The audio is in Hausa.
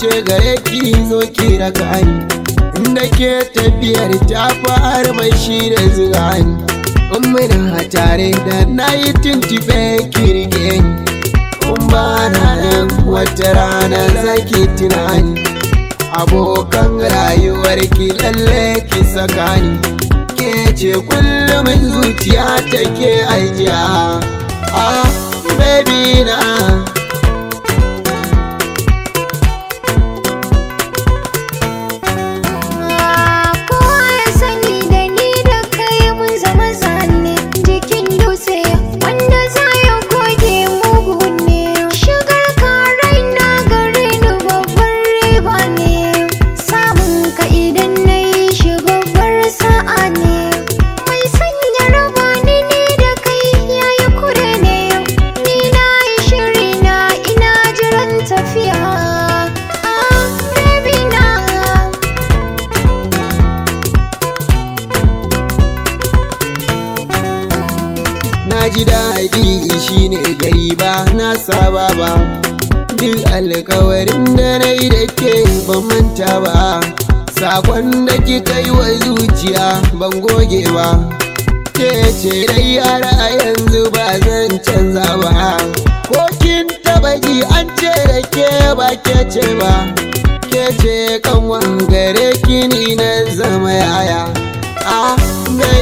ce gare ki zo ki raka ni inda ke tafiyar ta fara mai shi da zirani ummina a tare da na yi tuntube kirge ni kuma ranar wata rana zaki tunani abokan rayuwar ki lalle ki sakani ke ce kullum zuciya take ajiya ah baby na na ji daɗi shine gari ba na saba ba duk alkawarin da na yi da ke ban manta ba sakon da kika yi wa zuciya ban goge ba ke ce dai yara yanzu ba zan canza ba ko kin taba ji an ce da ke ba ke ce ba ke ce kan wangare kini na zama yaya a ah,